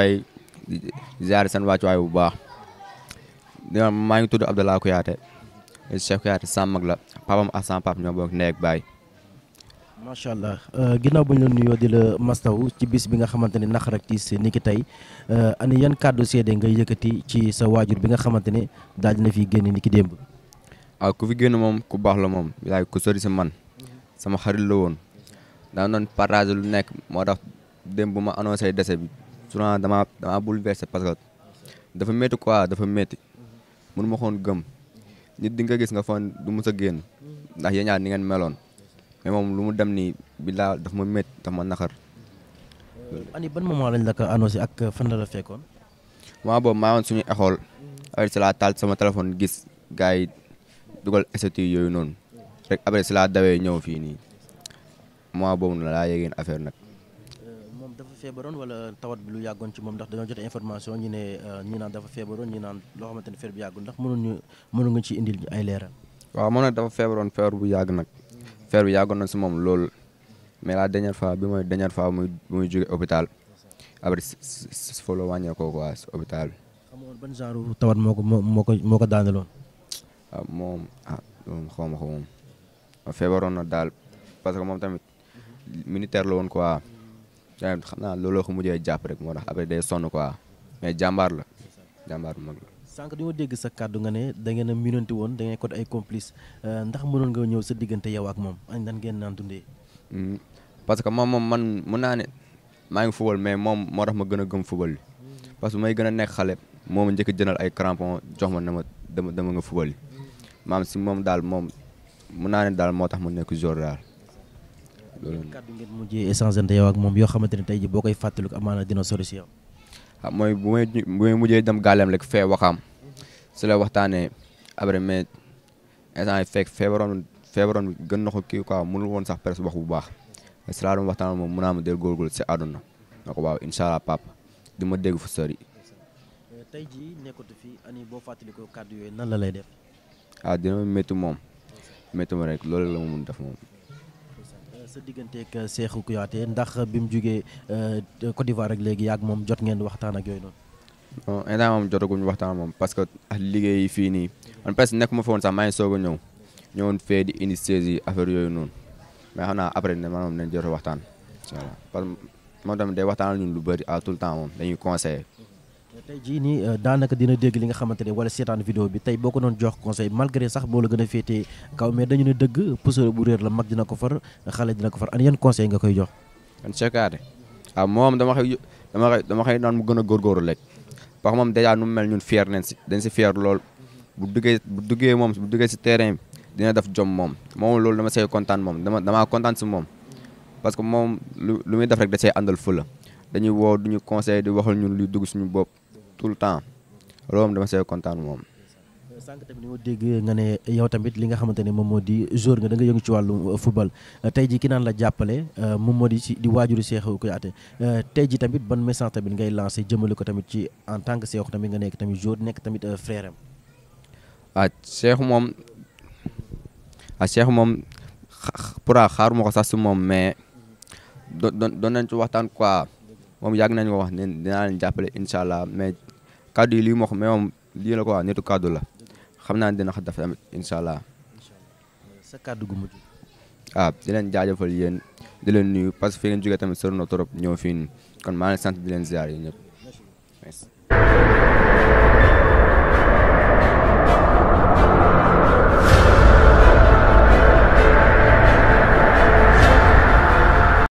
fay ziare seen wàccuwaay bu baax maa ngi tudd Abdallah Kouyaté Cheikh sama mag la papam ak sama pap ñoo bokk nekk baay. macha allah euh, ginnaaw bu ñu la nuyoo di la mastaw ci bis bi nga xamante ne nax rek tiis ni ki tey euh, ani yan kàddu seede nga yëkkati ci sa waajur bi nga xamante ne daal dina fi génn ni ki démb. waaw ah, ku fi génn moom ku baax la moom yaay ku sori si man sama xarit la woon daa doon partage lu nekk moo tax démb bu ma annoncé décès bi souvent damaa damaa bouleversé parce dafa métti quoi dafa métti mënu ma xoon gëm nit dinga gis nga fan du mës a génn ndax yéen ñaar ni meloon mais moom lu mu dem nii bi laa daf ma métti daf ma naqar. ani ban moment lañ la ko ak fan la la fekkoon. moment ma maa woon suñu école. après si laa taal sama téléphone gis gars yi dugal statut yooyu noonu rek après si laa dawee ñëw fii nii moment boobu na laa yëgeen affaire nag. dafa feebaroon wala tawat bi lu yàggoon ci moom ndax dañoo jot information ñu ne euh, ñi naan dafa feebaroon ñi naan loo xamante ne feer bu yàggul ndax mënoon ñu mënoon ay leeral. waaw moom nag dafa feebaroon feer bu yàgg nag. feer bu yàggoon na si moom loolu mais la dernière fois bi mooy dernière fois muy muy jóge hôpital après si wàññeekoo quoi si bi. xamoon ban genre tawat moo ko moo ko moo ko daaneloon. ah moom ah moom xaw ma ko moom ah, feebaroon daal parce que moom tamit militaire la woon yaa xam naa looloo ko mujjee jàpp rek moo tax après day sonn quoi mais jàmbaar la jàmbaar bu mag la. sànq di ma dégg sa kàddu nga ne da ngeen a miinante woon da ngeen ko ay complice euh, ndax mënoon nga ñëw sa diggante yow moom añ nan ngeen naan dundee. Hmm, parce que moom moom man mun naa ne maa ngi football mais moom moo tax ma gën gëm football bi parce que may gën a nekk xale moom njëkk jënal ay crampon jox ma na ma dama dama nga football yi maam si moom daal moom mun naa ne daal moo tax ma nekk joueur daal. loolu kàddu ngeen mujjee échangeante yow ak moom yoo xamante ne tey ji boo koy fàttaliku amaana dina sori si yow ah mooy bu may bu may mujjee dem gàllam rek fee waxaam si la waxtaanee après mais instant yi fekk feebaroon feebaroon gën na ko kii quoi mënul woon sax presque wax bu baax si laa doon waxtaan moom mën naa ma del góorgóorlu si àdduna na ko waaw incha allah papa di ma dégg fu sori euh, tey jii nekkatu fi ani boo fàttalikoo kàddu yooyu nan la lay def ah dina métti moom métti ma rek loolu la ma mun def moom sa diggante digganteeg euh, Cheikhou Kouyaté ndax bi mu jógee euh, Côte d'Ivoire ak léegi yàgg moom jot ngeen waxtaan ak yooyu noonu. non instant moom jotaguñu waxtaan moom parce que liggéey fii nii man que nekk ma fa woon sax maa ngi soog a ñëw ñëwoon fee di indi saisi affaire yooyu noonu mais xam naa après ne man moom nañ jot waxtaan. incha allah parce que moom tamit day waxtaan ñun lu bëri à ah, tout le temps moom dañuy conseillé. tey jii nii euh, daanaka dina dégg li nga xamante ne wala seetaan vidéo bi tey boo ko doon jox conseil malgré sax moo la gën a féetee kaw mais dañu ne dëgg puso bu réer la mag dina ko far xale dina ko far an yan conseil nga koy jox. kon Sekaate ah moom dama dama xëy dama xëy naan mu gën a góorgóorlu rek parce que moom dèjà ñun fier nañ si dañ si fier lool bu duggee bu duggee moom bu duggee si terrain bi def jom moom moom loolu dama see kontaan moom dama damaa kontaan si moom parce que moom lu lu muy def rek da see àndal fula dañuy woo duñu conseil di waxul ñun luy dugg suñu bopp. tout le temps loolu moom dama see kontaan moom. sànq tamit li ma dégg nga ne yow tamit li nga xamante ne moom moo di joueur nga da nga yëngu ci wàllu euh, football euh, tey ji ki naan la jàppale euh, moom moo di ci di waajuru Cheikhou Kouyaté tey ji tamit ban message tamit ngay lancé jëmale ko tamit ci en tant que Cheikhou tamit nga nekk tamit joueur nekk tamit frère am. ah moom ah Cheikhou moom pour xaaruma ko sax moom mais doon doon nañ ci waxtaan quoi moom nañ ko wax ne allah kaddu yi lii moo xam lii la ko waa nitu kaddu la xam naa ne dina xa dafa tamit incha allah. sa kaddu gu mujj. ah di leen jaajëfal yéen di leen nuyu parce que fi ngeen jógee tamit sori na trop ñëw fii nii kon maa sant di leen ziar yi ñëpp